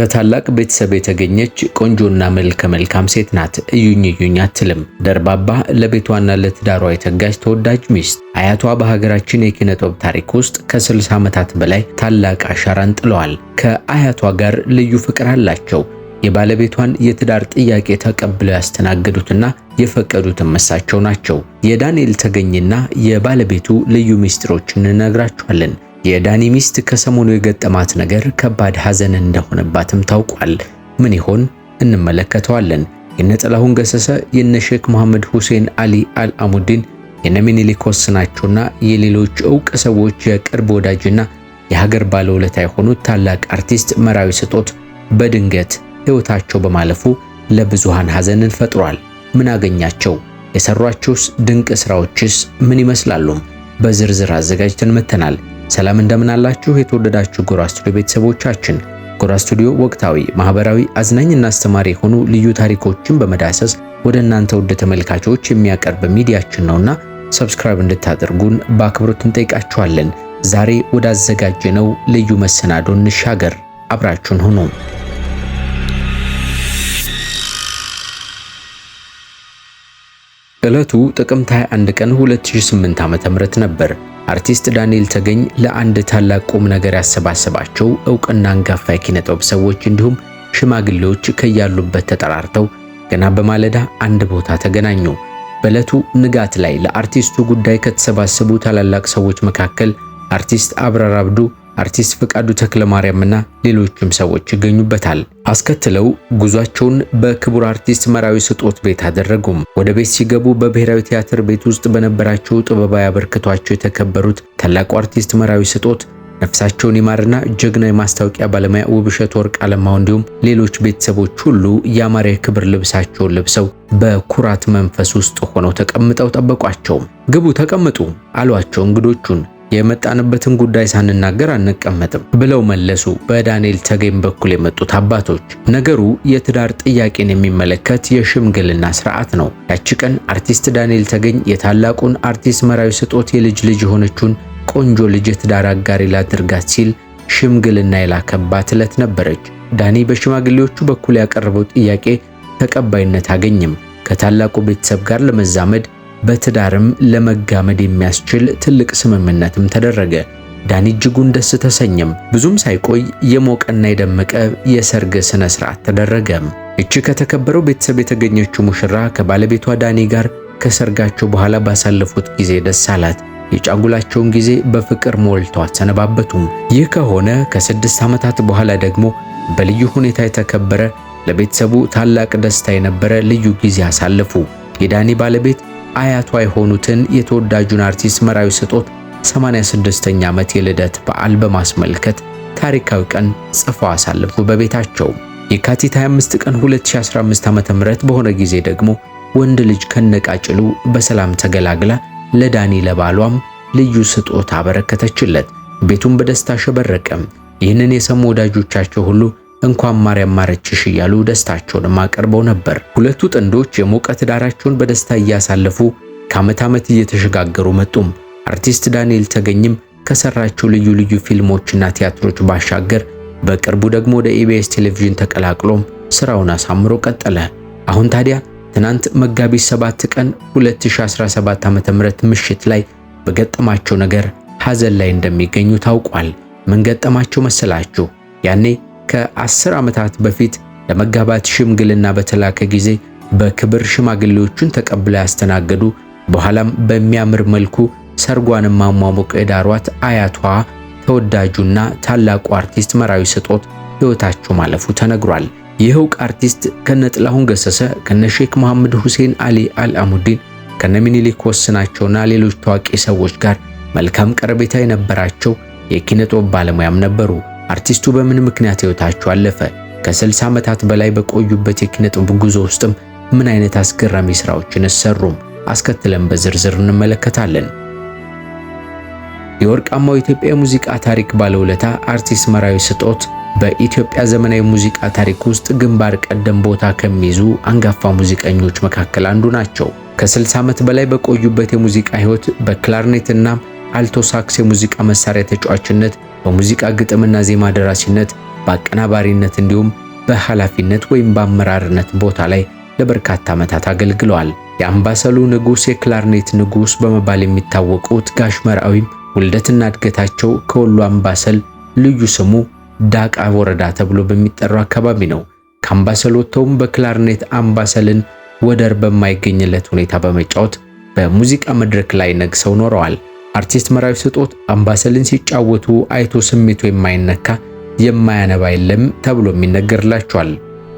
ከታላቅ ቤተሰብ የተገኘች ቆንጆና መልከ መልካም ሴት ናት። እዩኝ እዩኝ አትልም። ደርባባ፣ ለቤቷና ለትዳሯ የተጋጅ ተወዳጅ ሚስት። አያቷ በሀገራችን የኪነ ጥበብ ታሪክ ውስጥ ከ60 ዓመታት በላይ ታላቅ አሻራን ጥለዋል። ከአያቷ ጋር ልዩ ፍቅር አላቸው። የባለቤቷን የትዳር ጥያቄ ተቀብለው ያስተናገዱትና የፈቀዱትም እሳቸው ናቸው። የዳንኤል ተገኝና የባለቤቱ ልዩ ሚስጥሮች እንነግራችኋለን። የዳኒ ሚስት ከሰሞኑ የገጠማት ነገር ከባድ ሐዘን እንደሆነባትም ታውቋል። ምን ይሆን እንመለከተዋለን። የነጥላሁን ገሰሰ የነ ሼክ መሐመድ ሁሴን አሊ አልአሙዲን የነ ሚኒሊክ ወስናቸውና የሌሎች እውቅ ሰዎች የቅርብ ወዳጅና የሀገር ባለውለታ የሆኑት ታላቅ አርቲስት መራዊ ስጦት በድንገት ሕይወታቸው በማለፉ ለብዙሃን ሐዘንን ፈጥሯል። ምን አገኛቸው? የሰሯቸውስ ድንቅ ስራዎችስ ምን ይመስላሉ? በዝርዝር አዘጋጅተን መተናል። ሰላም እንደምናላችሁ የተወደዳችሁ ጎራ ስቱዲዮ ቤተሰቦቻችን። ጎራ ስቱዲዮ ወቅታዊ፣ ማህበራዊ፣ አዝናኝና አስተማሪ የሆኑ ልዩ ታሪኮችን በመዳሰስ ወደ እናንተ ውድ ተመልካቾች የሚያቀርብ ሚዲያችን ነውና ሰብስክራይብ እንድታደርጉን በአክብሮት እንጠይቃችኋለን። ዛሬ ወዳዘጋጀነው ልዩ መሰናዶ እንሻገር። አብራችሁን ሁኑ። ዕለቱ ጥቅምት 21 ቀን 2008 ዓ.ም ነበር። አርቲስት ዳንኤል ተገኝ ለአንድ ታላቅ ቁም ነገር ያሰባሰባቸው እውቅና አንጋፋ የኪነጥበብ ሰዎች እንዲሁም ሽማግሌዎች ከያሉበት ተጠራርተው ገና በማለዳ አንድ ቦታ ተገናኙ። በዕለቱ ንጋት ላይ ለአርቲስቱ ጉዳይ ከተሰባሰቡ ታላላቅ ሰዎች መካከል አርቲስት አብራር አብዱ አርቲስት ፍቃዱ ማርያምና ሌሎችም ሰዎች ይገኙበታል። አስከትለው ጉዟቸውን በክቡር አርቲስት መራዊ ስጦት ቤት አደረጉም። ወደ ቤት ሲገቡ በብሔራዊ ቲያትር ቤት ውስጥ በነበራቸው ጥበባዊ አበርክቷቸው የተከበሩት ታላቁ አርቲስት መራዊ ስጦት ነፍሳቸውን ይማርና ጀግና የማስታወቂያ ባለሙያ ውብሸት ወርቅ አለማው እንዲሁም ሌሎች ቤተሰቦች ሁሉ ያማረ የክብር ልብሳቸውን ለብሰው በኩራት መንፈስ ውስጥ ሆነው ተቀምጠው ጠበቋቸው። ግቡ፣ ተቀምጡ አሏቸው እንግዶቹን። የመጣንበትን ጉዳይ ሳንናገር አንቀመጥም ብለው መለሱ። በዳንኤል ተገኝ በኩል የመጡት አባቶች ነገሩ የትዳር ጥያቄን የሚመለከት የሽምግልና ስርዓት ነው። ያቺ ቀን አርቲስት ዳንኤል ተገኝ የታላቁን አርቲስት መራዊ ስጦት የልጅ ልጅ የሆነችውን ቆንጆ ልጅ የትዳር አጋሪ ላድርጋት ሲል ሽምግልና የላከባት ዕለት ነበረች። ዳኒ በሽማግሌዎቹ በኩል ያቀረበው ጥያቄ ተቀባይነት አገኝም። ከታላቁ ቤተሰብ ጋር ለመዛመድ በትዳርም ለመጋመድ የሚያስችል ትልቅ ስምምነትም ተደረገ። ዳኒ እጅጉን ደስ ተሰኘም። ብዙም ሳይቆይ የሞቀና የደመቀ የሰርግ ስነ ስርዓት ተደረገ። እቺ ከተከበረው ቤተሰብ የተገኘችው ሙሽራ ከባለቤቷ ዳኒ ጋር ከሰርጋቸው በኋላ ባሳለፉት ጊዜ ደስ አላት። የጫጉላቸውን ጊዜ በፍቅር ሞልተው አሰነባበቱም። ይህ ከሆነ ከስድስት ዓመታት በኋላ ደግሞ በልዩ ሁኔታ የተከበረ ለቤተሰቡ ታላቅ ደስታ የነበረ ልዩ ጊዜ አሳለፉ። የዳኒ ባለቤት አያቷ የሆኑትን የተወዳጁን አርቲስት መራዊ ስጦት 86ኛ ዓመት የልደት በዓል በማስመልከት ታሪካዊ ቀን ጽፈው አሳልፉ በቤታቸው። የካቲት 25 ቀን 2015 ዓ.ም በሆነ ጊዜ ደግሞ ወንድ ልጅ ከነቃጭሉ በሰላም ተገላግላ ለዳኒ ለባሏም ልዩ ስጦታ አበረከተችለት። ቤቱም በደስታ ሸበረቀም። ይህንን የሰሙ ወዳጆቻቸው ሁሉ እንኳን ማርያም ማረችሽ እያሉ ደስታቸውንም አቅርበው ነበር። ሁለቱ ጥንዶች የሙቀት ዳራቸውን በደስታ እያሳለፉ ከዓመት ዓመት እየተሸጋገሩ መጡም። አርቲስት ዳንኤል ተገኝም ከሰራቸው ልዩ ልዩ ፊልሞችና ቲያትሮች ባሻገር በቅርቡ ደግሞ ወደ ኢቢኤስ ቴሌቪዥን ተቀላቅሎም ስራውን አሳምሮ ቀጠለ። አሁን ታዲያ ትናንት መጋቢት 7 ቀን 2017 ዓ.ም ምሽት ላይ በገጠማቸው ነገር ሐዘን ላይ እንደሚገኙ ታውቋል። ምን ገጠማቸው መሰላችሁ? ያኔ ከአስር ዓመታት በፊት ለመጋባት ሽምግልና በተላከ ጊዜ በክብር ሽማግሌዎቹን ተቀብለው ያስተናገዱ በኋላም በሚያምር መልኩ ሰርጓን ማሟሙቅ የዳሯት አያቷ ተወዳጁና ታላቁ አርቲስት መራዊ ስጦት ሕይወታቸው ማለፉ ተነግሯል። ይህ ዕውቅ አርቲስት ከነጥላሁን ገሰሰ፣ ከነ ሼክ መሐመድ ሁሴን አሊ አልአሙዲን፣ ከነ ሚኒሊክ ወስናቸውና ሌሎች ታዋቂ ሰዎች ጋር መልካም ቀረቤታ የነበራቸው የኪነ ባለሙያም ነበሩ። አርቲስቱ በምን ምክንያት ሕይወታቸው አለፈ? ከ60 ዓመታት በላይ በቆዩበት የኪነ ጉዞ ውስጥም ምን አይነት አስገራሚ ስራዎችን ሰሩም? አስከትለን በዝርዝር እንመለከታለን። የወርቃማው ኢትዮጵያ የሙዚቃ ታሪክ ባለውለታ አርቲስት መራዊ ስጦት በኢትዮጵያ ዘመናዊ ሙዚቃ ታሪክ ውስጥ ግንባር ቀደም ቦታ ከሚይዙ አንጋፋ ሙዚቀኞች መካከል አንዱ ናቸው። ከ60 ዓመት በላይ በቆዩበት የሙዚቃ ህይወት በክላርኔትና አልቶ ሳክስ የሙዚቃ መሳሪያ ተጫዋችነት በሙዚቃ ግጥምና ዜማ ደራሲነት፣ በአቀናባሪነት እንዲሁም በኃላፊነት ወይም በአመራርነት ቦታ ላይ ለበርካታ ዓመታት አገልግለዋል። የአምባሰሉ ንጉሥ፣ የክላርኔት ንጉሥ በመባል የሚታወቁት ጋሽ መርአዊም ውልደትና እድገታቸው ከወሎ አምባሰል ልዩ ስሙ ዳቃ ወረዳ ተብሎ በሚጠራው አካባቢ ነው። ከአምባሰል ወጥተውም በክላርኔት አምባሰልን ወደር በማይገኝለት ሁኔታ በመጫወት በሙዚቃ መድረክ ላይ ነግሰው ኖረዋል። አርቲስት መራዊ ስጦት አምባሰልን ሲጫወቱ አይቶ ስሜቱ የማይነካ የማያነባ የለም ተብሎ ይነገርላቸዋል።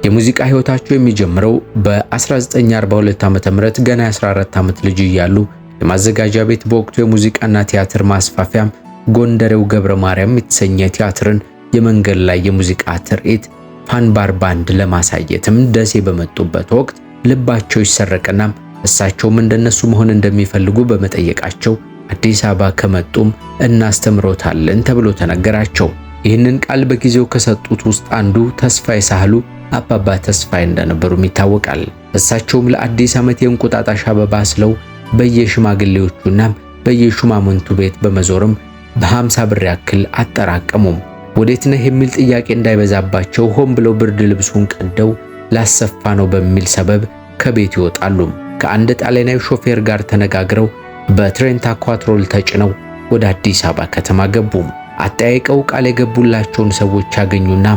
የሙዚቃ ህይወታቸው የሚጀምረው በ1942 ዓ.ም ገና 14 ዓመት ልጅ እያሉ የማዘጋጃ ቤት በወቅቱ የሙዚቃና ቲያትር ማስፋፊያም ጎንደሬው ገብረ ማርያም የተሰኘ ቲያትርን የመንገድ ላይ የሙዚቃ ትርኢት ፋንባር ባንድ ለማሳየትም ደሴ በመጡበት ወቅት ልባቸው ይሰረቅና እሳቸውም እንደነሱ መሆን እንደሚፈልጉ በመጠየቃቸው አዲስ አበባ ከመጡም እናስተምሮታለን ተብሎ ተነገራቸው። ይህንን ቃል በጊዜው ከሰጡት ውስጥ አንዱ ተስፋዬ ሳህሉ አባባ ተስፋዬ እንደነበሩም ይታወቃል። እሳቸውም ለአዲስ ዓመት የእንቁጣጣሽ አበባ ስለው በየሽማግሌዎቹና በየሹማምንቱ ቤት በመዞርም በ50 ብር ያክል አጠራቀሙም። ወዴት ነህ የሚል ጥያቄ እንዳይበዛባቸው ሆን ብለው ብርድ ልብሱን ቀደው ላሰፋ ነው በሚል ሰበብ ከቤት ይወጣሉ። ከአንድ ጣሊያናዊ ሾፌር ጋር ተነጋግረው በትሬንት አኳትሮል ተጭነው ወደ አዲስ አበባ ከተማ ገቡ። አጠያይቀው ቃል የገቡላቸውን ሰዎች ያገኙና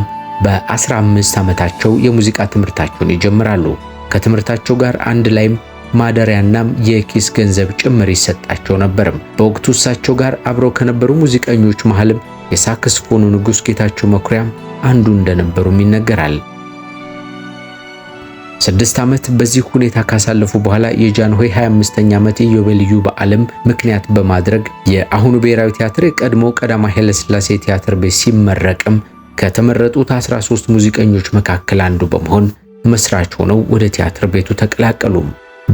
በ15 ዓመታቸው የሙዚቃ ትምህርታቸውን ይጀምራሉ። ከትምህርታቸው ጋር አንድ ላይም ማደሪያናም የኪስ ገንዘብ ጭምር ይሰጣቸው ነበርም። በወቅቱ እሳቸው ጋር አብረው ከነበሩ ሙዚቀኞች መሃልም የሳክስፎኑ ንጉሥ ጌታቸው መኩሪያም አንዱ እንደነበሩም ይነገራል። ስድስት ዓመት በዚህ ሁኔታ ካሳለፉ በኋላ የጃንሆይ 25ኛ ዓመት ኢዮቤልዩ በዓልም ምክንያት በማድረግ የአሁኑ ብሔራዊ ቲያትር የቀድሞ ቀዳማዊ ኃይለሥላሴ ቲያትር ቤት ሲመረቅም ከተመረጡት 13 ሙዚቀኞች መካከል አንዱ በመሆን መስራች ሆነው ወደ ቲያትር ቤቱ ተቀላቀሉ።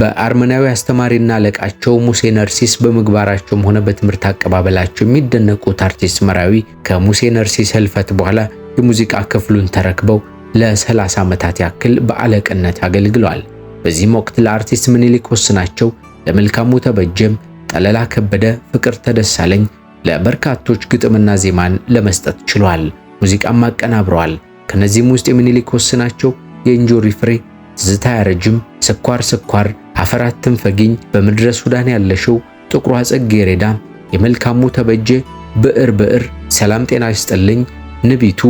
በአርመናዊ አስተማሪና አለቃቸው ሙሴ ነርሲስ በምግባራቸውም ሆነ በትምህርት አቀባበላቸው የሚደነቁት አርቲስት መራዊ ከሙሴ ነርሲስ ህልፈት በኋላ የሙዚቃ ክፍሉን ተረክበው ለ30 ዓመታት ያክል በአለቅነት አገልግሏል። በዚህም ወቅት ለአርቲስት ምኒልክ ወስናቸው፣ ለመልካሙ ተበጀም፣ ጠለላ ከበደ፣ ፍቅር ተደሳለኝ ለበርካቶች ግጥምና ዜማን ለመስጠት ችሏል። ሙዚቃም አቀናብረዋል። ከነዚህም ውስጥ የምኒልክ ወስናቸው የእንጆሪ ፍሬ፣ ትዝታ ያረጅም፣ ስኳር ስኳር፣ አፈራት ትንፈግኝ፣ በምድረ ሱዳን ያለሽው፣ ጥቁሯ ጽጌረዳ፣ የመልካሙ ተበጀ፣ ብዕር ብዕር፣ ሰላም ጤና ይስጥልኝ፣ ንቢቱ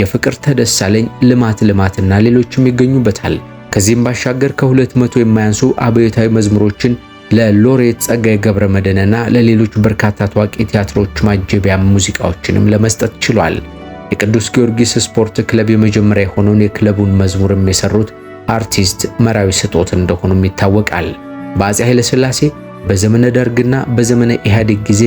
የፍቅርተ ደሳለኝ፣ ልማት ልማትና ሌሎችም ይገኙበታል። ከዚህም ባሻገር ከሁለት መቶ የማያንሱ አብዮታዊ መዝሙሮችን ለሎሬት ጸጋዬ ገብረ መድኅንና ለሌሎች በርካታ ታዋቂ ቲያትሮች ማጀቢያ ሙዚቃዎችንም ለመስጠት ችሏል። የቅዱስ ጊዮርጊስ ስፖርት ክለብ የመጀመሪያ የሆነውን የክለቡን መዝሙርም የሰሩት አርቲስት መራዊ ስጦት እንደሆኑም ይታወቃል። በአፄ ኃይለ ሥላሴ በዘመነ ደርግና በዘመነ ኢህአዴግ ጊዜ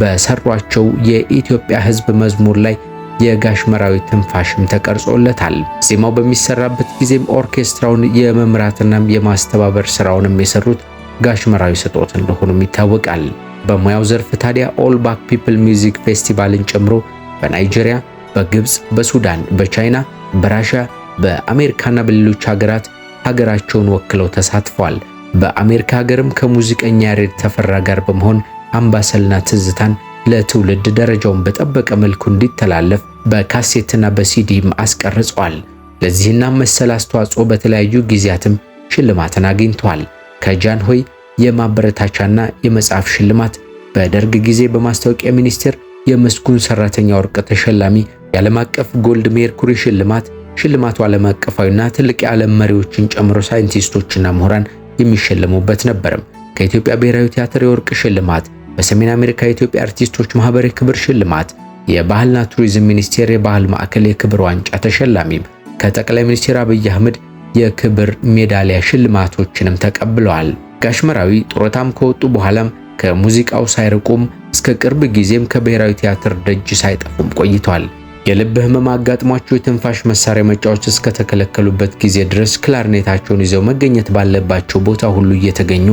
በሰሯቸው የኢትዮጵያ ሕዝብ መዝሙር ላይ የጋሽ መራዊ ትንፋሽም ተቀርጾለታል። ዜማው በሚሰራበት ጊዜም ኦርኬስትራውን የመምራትናም የማስተባበር ስራውንም የሰሩት ጋሽ መራዊ ስጦት እንደሆኑም ይታወቃል። በሙያው ዘርፍ ታዲያ ኦል ባክ ፒፕል ሚውዚክ ፌስቲቫልን ጨምሮ በናይጄሪያ፣ በግብፅ፣ በሱዳን፣ በቻይና፣ በራሽያ፣ በአሜሪካና በሌሎች ሀገራት ሀገራቸውን ወክለው ተሳትፏል። በአሜሪካ ሀገርም ከሙዚቀኛ ያሬድ ተፈራ ጋር በመሆን አምባሰልና ትዝታን ለትውልድ ደረጃውን በጠበቀ መልኩ እንዲተላለፍ በካሴትና በሲዲም አስቀርጿል። ለዚህና መሰል አስተዋጽኦ በተለያዩ ጊዜያትም ሽልማትን አግኝቷል። ከጃንሆይ የማበረታቻና የመጽሐፍ ሽልማት፣ በደርግ ጊዜ በማስታወቂያ ሚኒስቴር የመስኩን ሰራተኛ ወርቅ ተሸላሚ፣ የዓለም አቀፍ ጎልድ ሜርኩሪ ሽልማት። ሽልማቱ ዓለም አቀፋዊና ትልቅ የዓለም መሪዎችን ጨምሮ ሳይንቲስቶችና ምሁራን የሚሸለሙበት ነበርም። ከኢትዮጵያ ብሔራዊ ቲያትር የወርቅ ሽልማት በሰሜን አሜሪካ የኢትዮጵያ አርቲስቶች ማህበር የክብር ሽልማት፣ የባህልና ቱሪዝም ሚኒስቴር የባህል ማዕከል የክብር ዋንጫ ተሸላሚም ከጠቅላይ ሚኒስትር አብይ አህመድ የክብር ሜዳሊያ ሽልማቶችንም ተቀብለዋል። ጋሽ መራዊ ጡረታም ከወጡ በኋላም ከሙዚቃው ሳይርቁም እስከ ቅርብ ጊዜም ከብሔራዊ ቲያትር ደጅ ሳይጠፉም ቆይቷል። የልብ ህመም አጋጥሟቸው የትንፋሽ መሳሪያ መጫዎች እስከተከለከሉበት ጊዜ ድረስ ክላርኔታቸውን ይዘው መገኘት ባለባቸው ቦታ ሁሉ እየተገኙ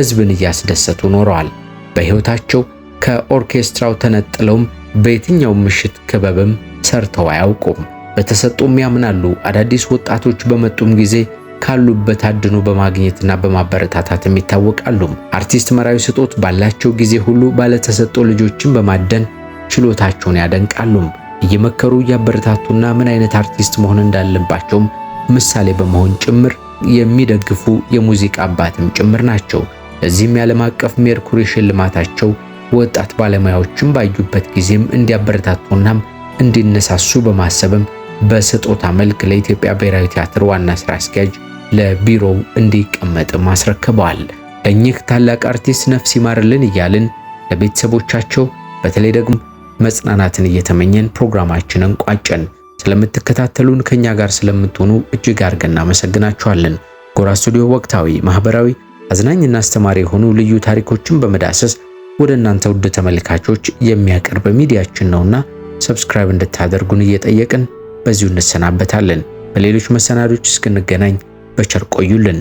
ህዝብን እያስደሰቱ ኖረዋል። በሕይወታቸው ከኦርኬስትራው ተነጥለውም በየትኛው ምሽት ክበብም ሰርተው አያውቁም። በተሰጦም ያምናሉ። አዳዲስ ወጣቶች በመጡም ጊዜ ካሉበት አድኖ በማግኘትና በማበረታታትም ይታወቃሉ። አርቲስት መራዊ ስጦት ባላቸው ጊዜ ሁሉ ባለተሰጦ ልጆችን በማደን ችሎታቸውን ያደንቃሉ። እየመከሩ እያበረታቱና ምን አይነት አርቲስት መሆን እንዳለባቸውም ምሳሌ በመሆን ጭምር የሚደግፉ የሙዚቃ አባትም ጭምር ናቸው። ለዚህም የዓለም አቀፍ ሜርኩሪ ሽልማታቸው ወጣት ባለሙያዎችን ባዩበት ጊዜም እንዲያበረታቱናም እንዲነሳሱ በማሰብም በስጦታ መልክ ለኢትዮጵያ ብሔራዊ ቲያትር ዋና ስራ አስኪያጅ ለቢሮው እንዲቀመጥም አስረክበዋል። እኚህ ታላቅ አርቲስት ነፍስ ይማርልን እያልን ለቤተሰቦቻቸው በተለይ ደግሞ መጽናናትን እየተመኘን ፕሮግራማችንን ቋጨን። ስለምትከታተሉን ከኛ ጋር ስለምትሆኑ እጅግ አድርገን እናመሰግናችኋለን። ጎራ ስቱዲዮ ወቅታዊ፣ ማህበራዊ አዝናኝና አስተማሪ የሆኑ ልዩ ታሪኮችን በመዳሰስ ወደ እናንተ ውድ ተመልካቾች የሚያቀርብ ሚዲያችን ነውና ሰብስክራይብ እንድታደርጉን እየጠየቅን በዚሁ እንሰናበታለን። በሌሎች መሰናዶች እስክንገናኝ በቸር ቆዩልን።